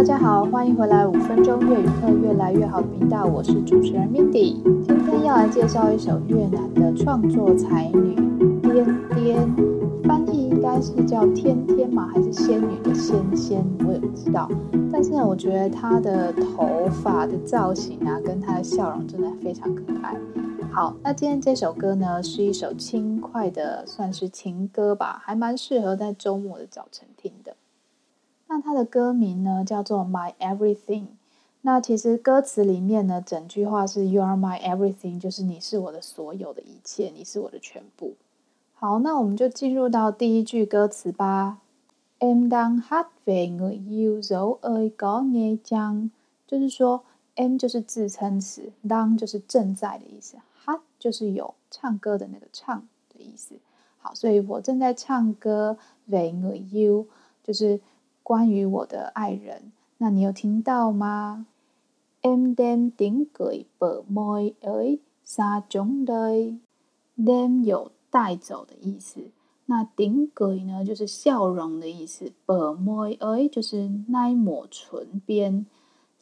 大家好，歡迎回來五分鐘越語課，越來越好的頻道。我是主持人 Mindy，今天要來介紹一首越南的創作才女，顛顛，翻譯應該是叫天天嘛，還是仙女的仙仙，我也不知道。但是呢，我覺得她的頭髮的造型啊，跟她的笑容真的非常可愛。好，那今天這首歌呢，是一首輕快的，算是情歌吧，還蠻適合在周末的早晨聽的。那它的歌名呢叫做 My Everything 那其實歌詞裡面呢整句話是 You are my everything 就是你是我的所有的一切你是我的全部好那我們就進入到第一句歌詞吧 M 當哈維呃 u zoegonny jiang 就是說 M 就是自稱詞當就是正在的意思 Hot 就是有唱歌的那個唱的意思好所以我正在唱歌 v 我 u 就是關於我的愛人，那你有聽到嗎？M D h e m 頂鬼百妹哎，n 種嘞，them 有帶走的意思。那頂鬼呢，就是笑容的意思。o 妹 a 就是那一抹唇邊。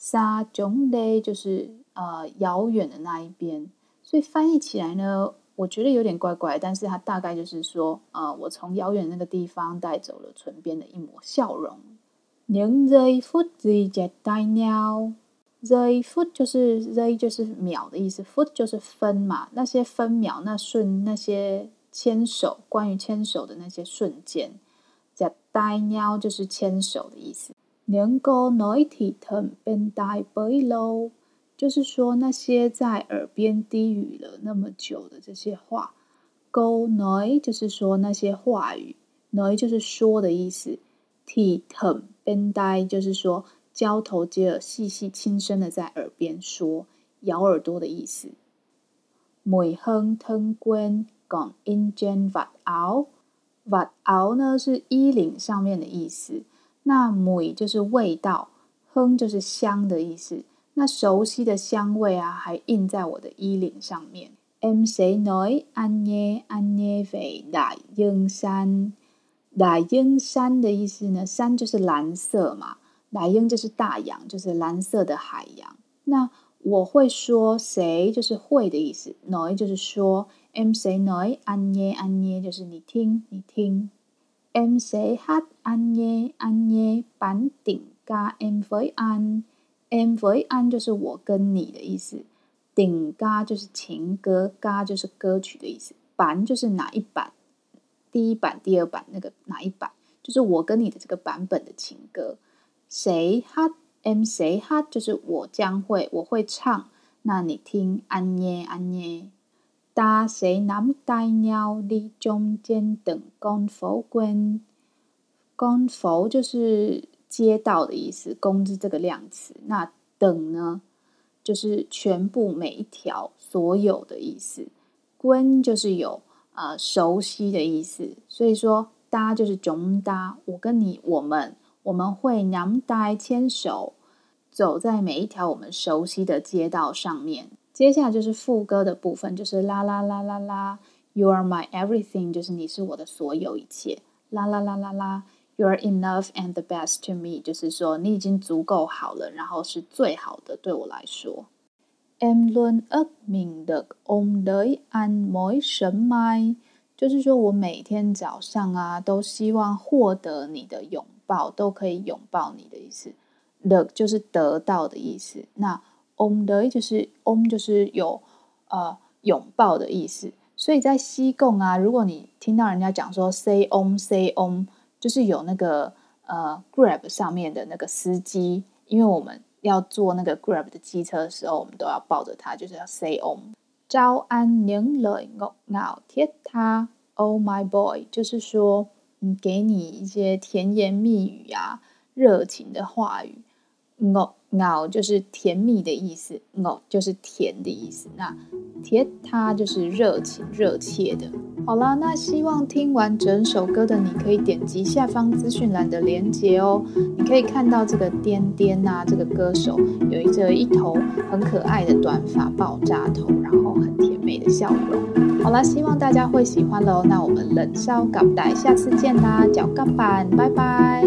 day 就是呃遙遠的那一邊。所以翻譯起來呢，我覺得有點怪怪，但是它大概就是說，啊、呃，我從遙遠的那個地方帶走了唇邊的一抹笑容。零 z foot z 加 d i z foot 就是 z 就是秒的意思，foot 就是分嘛。那些分秒那瞬那些牽手，關於牽手的那些瞬間，加 d i 就是牽手的意思。能夠 noi 體疼變帶背嘍，就是說那些在耳邊低語了那麼久的這些話，go 就是說那些話語 noi 就是說的意思，體疼就是說交頭接耳、細細輕聲的在耳邊說、咬耳朵的意思。每哼吞官講 injan 法熬，法熬呢是衣領上面的意思。那每就是味道，哼就是香的意思。那熟悉的香味啊，還印在我的衣領上面。M say noi an ye an ye ve dai ying san 萊英山的意思呢？山就是藍色嘛，萊英就是大洋，就是藍色的海洋。那我會說，誰就是會的意思 noi 就是說，“m say noi” 呢安捏安捏就是你聽你聽，“m say ha” 安捏安捏板頂嘎，“m voi 安 m voi 安，安就是我跟你的意思，頂嘎就是情歌，嘎就是歌曲的意思，板就是哪一版。第一版、第二版，那個哪一版？就是我跟你的這個版本的情歌，誰哈？m 誰哈？就是我將會，我會唱。那你聽，安耶安耶，大蛇南大鳥，你中間等功夫關功夫，就是街道的意思。工資這個量詞，那等呢，就是全部每一條所有的意思。關就是有。啊、呃，熟悉的意思，所以說搭就是中搭，我跟你我們我們會難搭牽手，走在每一條我們熟悉的街道上面。接下來就是副歌的部分，就是啦啦啦啦啦，You are my everything，就是你是我的所有一切。啦啦啦啦啦，You are enough and the best to me，就是說你已經足夠好了，然後是最好的對我來說。Em luôn mong được ôm anh mỗi sáng mai, 就是說我每天早上啊，都希望獲得你的擁抱，都可以擁抱你的意思。Được 就是得到的意思。那 ôm anh 就是 ôm 就是有呃擁抱的意思。所以在西貢啊，如果你聽到人家講說 xe ôm xe ôm，就是有那個呃 grab 上面的那個司機，因為我們。要坐那個 Grab 的機車的時候，我們都要抱着他，就是要 say on，招安領來哦 now 貼他，Oh my boy，就是說，嗯，給你一些甜言蜜語啊，熱情的話語。熬熬，no, no，就是甜蜜的意思，熬，no，就是甜的意思。那甜它就是熱情、熱切的。好了，那希望聽完整首歌的你可以點擊下方資訊欄的鏈接哦。你可以看到這個天天啊，這個歌手有一個一頭很可愛的短髮爆炸頭，然後很甜美的笑容。好了，希望大家會喜歡嘍。那我們冷笑搞大，下次見啦，腳幹板，拜拜。